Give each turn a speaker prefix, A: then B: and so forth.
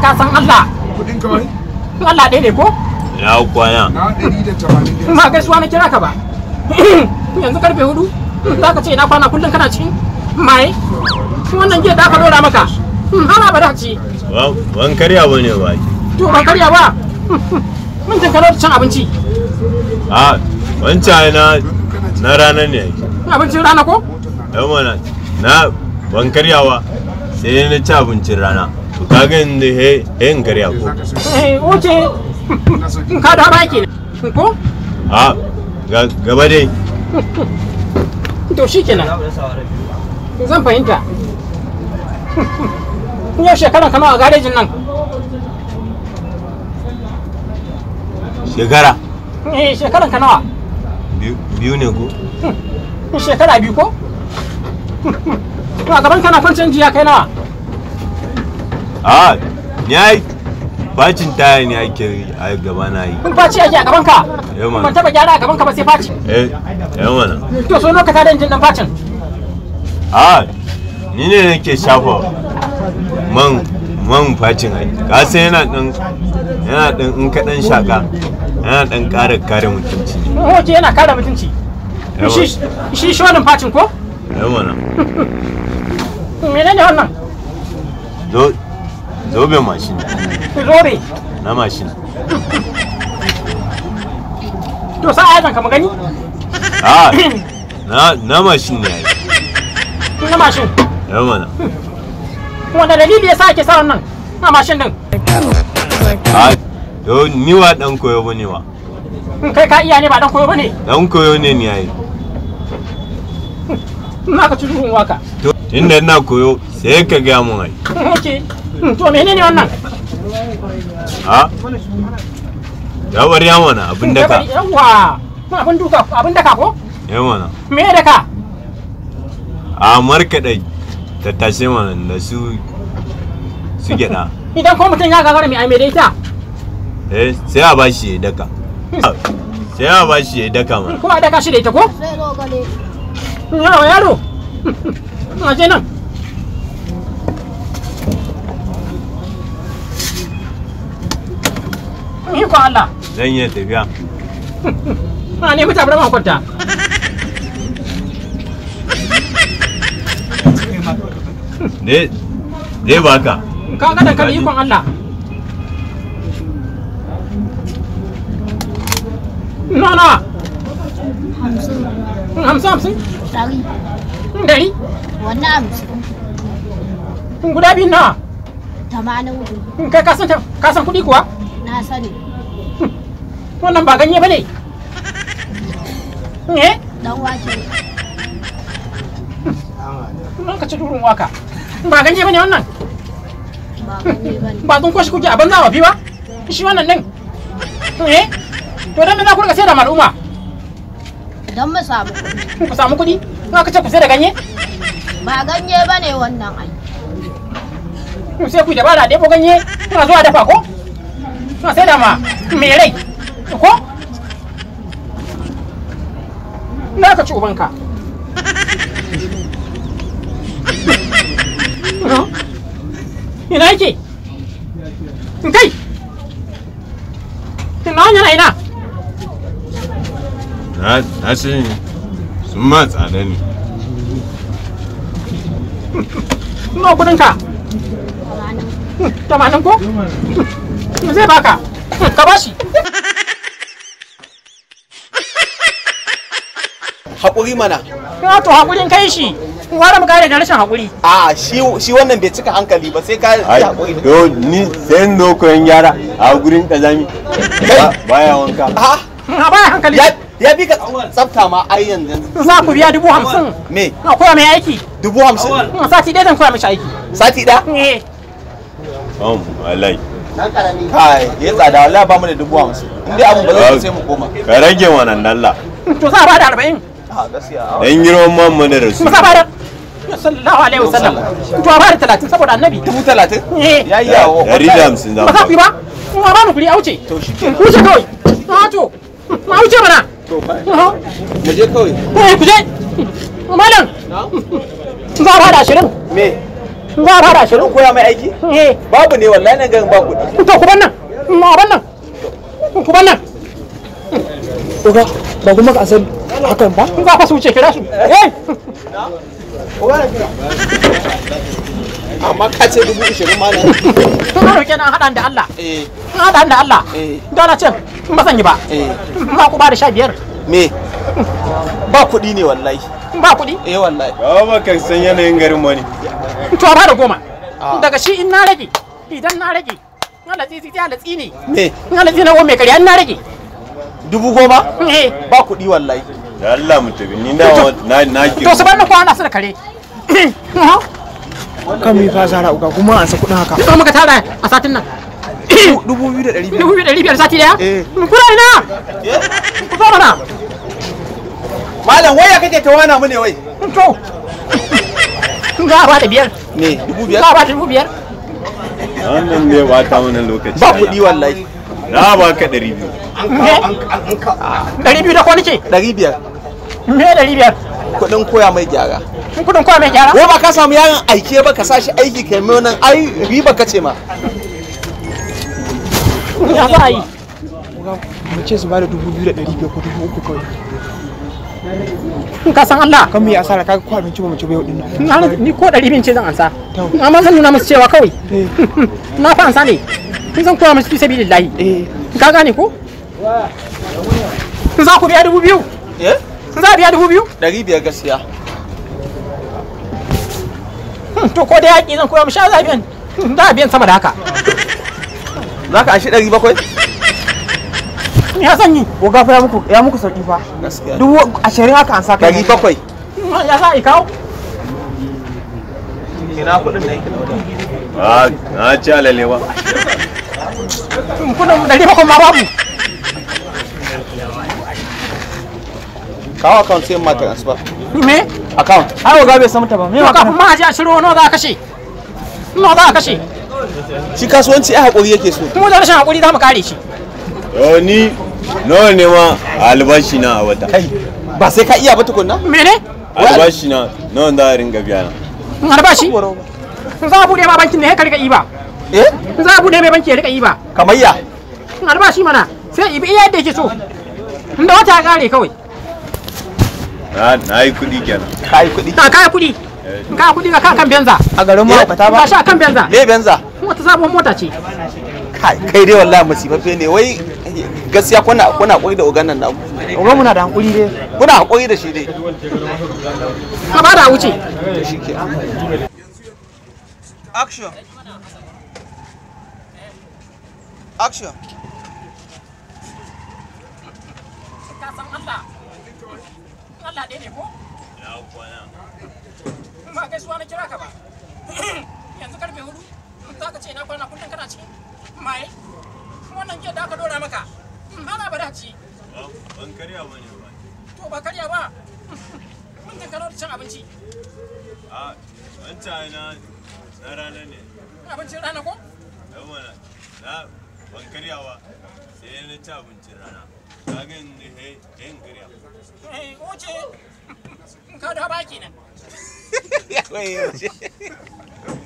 A: ka san Allah kudin kawai Allah ɗaya ne ko
B: na kwana na ɗari da
A: tamanin da ma gaisuwa na kira ka ba yanzu karfe hudu za ka ce na kwana kullum kana cikin maye wannan jiya da aka dora maka hmm, hana ba da ci
B: ban karya ba ne ba
A: to ban karya ba mun jin kalo cin abinci
B: a wancan na na rana ne
A: abincin rana ko
B: yau mana na ban karyawa sai na ci abincin rana kagen kaga inda he he ngari ko.
A: eh wuce ka da baki ko
B: a gaba dai
A: to shikenan zan fahimta yau shekara kana a garejin nan shekara eh shekaran ka nawa biyu ne ko shekara biyu ko a gaban kana kwanci jiya kai nawa
B: a ah, ni ai facin taya ne ake yi a gaba na yi
A: kun faci ake a gaban ka eh, mana ban taba gyara a gaban ka ba sai faci
B: eh yan eh, wannan
A: to so lokata da injin dan facin
B: a ah, ni ne nake shafa man man facin ai ka sai yana dan yana dan in ka dan shaka yana dan kare kare mutunci
A: ne ke yana kare mutunci eh, shi shi shi wannan facin ko yan wannan menene wannan
B: zobe machine. zobe na machine.
A: to sa ayatan kama gani Ah.
B: na na machine ne na machine. ya mana
A: wanda dalili yasa ake sa wannan na machine din
B: Ah. Yo niwa dan koyo bane wa
A: kai ka iya ne ba dan koyo bane
B: dan koyo ne ni ai
A: na ka ci waka
B: tunda ina koyo sai ka gaya mun ai
A: okay Hmm, to menene wannan
B: a ya bari ya mana abin daka
A: yawa abin duka abin daka ko ya mana me daka
B: a ta tattashe mana da su su gyaɗa
A: idan ko mutum ya gagara mai aime da ita
B: eh sai a ba shi ya daka sai a ba shi ya daka mana ko
A: a daka shi da ita ko yaro yaro a je nan Allah.
B: Zan iya tafiya.
A: Ba ne mutane ma kwanta.
B: Ne ne ba Ka
A: Ka ga da kan ikon Allah. No no. Hamsin. Hamsin hamsin. Dari. Hmm, dari. Wannan hamsin. Hmm, guda biyu na. Tamanin hudu. Hmm, kai ka san kuɗi kuwa? Na sani. wannan ba ganye bane eh dan wake nan ka ci durun waka ba ganye bane wannan ba tun kwashi kuke a banza wafi ba shi wannan din eh to dan me za ku rika sai da maluma
B: dan mu samu kuɗi
A: ku samu kuɗi ka ce ku sai da ganye ba ganye bane wannan ai sai ku da ba da ko ganye kuna zuwa dafa ko kuna sai da ma me rai ko na ka ci ubanka ina yake kai ina yana ina
B: na ce sun ma tsada ne
A: nawa kudinka tamanin ko zai baka ka bashi haƙuri mana na to haƙurin kai shi kun fara mu kare da rashin haƙuri a shi shi wannan bai cika hankali ba sai ka yi haƙuri
B: To ni sai no koyan yara a gurin kazami baya wanka
A: a baya hankali ya bi ka tsafta ma ai yanzu za ku biya dubu hamsin me na koya mai aiki dubu hamsin sati ɗaya zan koya mishi aiki sati ɗaya eh
B: um alai kai ya tsada wallahi ba mu da dubu hamsin in dai abun ba zai sai mu koma ka rage wannan la
A: to za a ba da arba'in
B: yan girman mamman da rasu
A: sallallahu alaihi wasallam to a bada talatin saboda annabi dubu talatin eh. ya yi yawo dari da ba ba kuma ba mu kuri auce to shi ke a to ma mana to ba mu je kawai eh ku je malam za me za a bada ashirin koya mai aiki eh. babu ne wallahi nan garin babu to ku ban ma ban ku Oga, ba kuma hakan ba in za amma ka na da ba ma ku ba da sha biyar me ba kuɗi ne wallahi ba kuɗi eh wallahi ba ba kan san yanayin garin mu to ba da goma daga shi in na rage idan na rage na latsi ta ne me na na goma kariya in na
B: rage dubu goma eh ba kuɗi wallahi da Allah mu ni na na na ki to sabar
A: na kwana su da kare uhm.
B: kan mi fa zara uga kuma an sa kudin haka to
A: muka tara a satin nan dubu biyu da dari biyar dubu biyu da dari biyar sati daya eh. kuna ina ku zo mana malam waya kake ta wana mu ne wai to ga ba da biyar ne dubu biyar ga ba dubu biyar
B: wannan ne ba ta mana lokaci ba kuɗi wallahi na ba ka ɗari biyu
A: ɗari biyu da kwanike ɗari biyar me ɗari biyar kuɗin koya mai gyara kuɗin koya mai gyara ko ba ka samu yaron aike ba ka sa shi aiki kai mai wannan ai riba ka ce ma ya ba yi mu ce su ba da dubu biyu da ɗari biyar ko dubu uku kawai ka san Allah kan mu yi asara kaga ko abinci ba mu ci ba yau din nan ni ko ɗari biyu ce zan ansa amma zan nuna musu cewa kawai eh. na fa ansa ne kun san koya musu fi sabilillahi eh. ka gane ko za ku biya dubu biyu eh za a biya dubu biyu? Ɗari biyar gaskiya. Hmm, to ko da yaƙi zan koya mu sha za biyan za a biyan sama da haka. Za ka ashe ɗari bakwai? Ya san yi. Ko gafa ya muku ya muku sauƙi fa. Gaskiya. Dubu ashirin haka an sa kai. Ɗari bakwai. Hmm, ya sa ikawo.
B: Ina kuɗin da yake da wata. Ah, a ci alale ba.
A: Hmm, kuɗin ɗari bakwai ma babu.
B: kawo account sai ma ba.
A: me account ai ga bai samu ta ba me ka kuma haji a shiru nawa za ka kashe nawa za ka kashe
B: shi kasuwanci ai hakuri yake so
A: kuma da rashin hakuri za mu kare shi
B: yo ni n'o ne ma albashi na a wata kai ba sai ka iya ba tukunna mene albashi na no da a ringa biya
A: na albashi za a bude ma bankin ne ka riga ba eh za a bude mai banki ya riga ba kamayya albashi mana sai ibi iya yadda yake so inda wata ya kare kawai
B: na yi kuɗi kenan ka yi kuɗi
A: ah, eh. ka yi kuɗi ka kuɗi kan benza a garin mahaukata eh, ba ka sha kan benza me benza kuma ta sabuwar mota ce kai kai dai wallahi musifaffe ne wai gaskiya kuna kuna hakuri da ugan nan namu ugan muna da hakuri dai kuna hakuri da shi dai
B: ka ba da wuce action
A: action ka san Allah Allah ne ko?
B: Ya kwana.
A: na kira ka ba. Yanzu karfe hudu za ka ce na kwana Maye, jiya da maka. ba
B: Ban karya ba ne
A: To karya ba. abinci.
B: A, an na rana ne.
A: Abincin rana ko?
B: Yau mana, na ban karya ba sai na ci abincin rana. kagen da
A: he hen gariya eh oce
B: ka da baki nan ya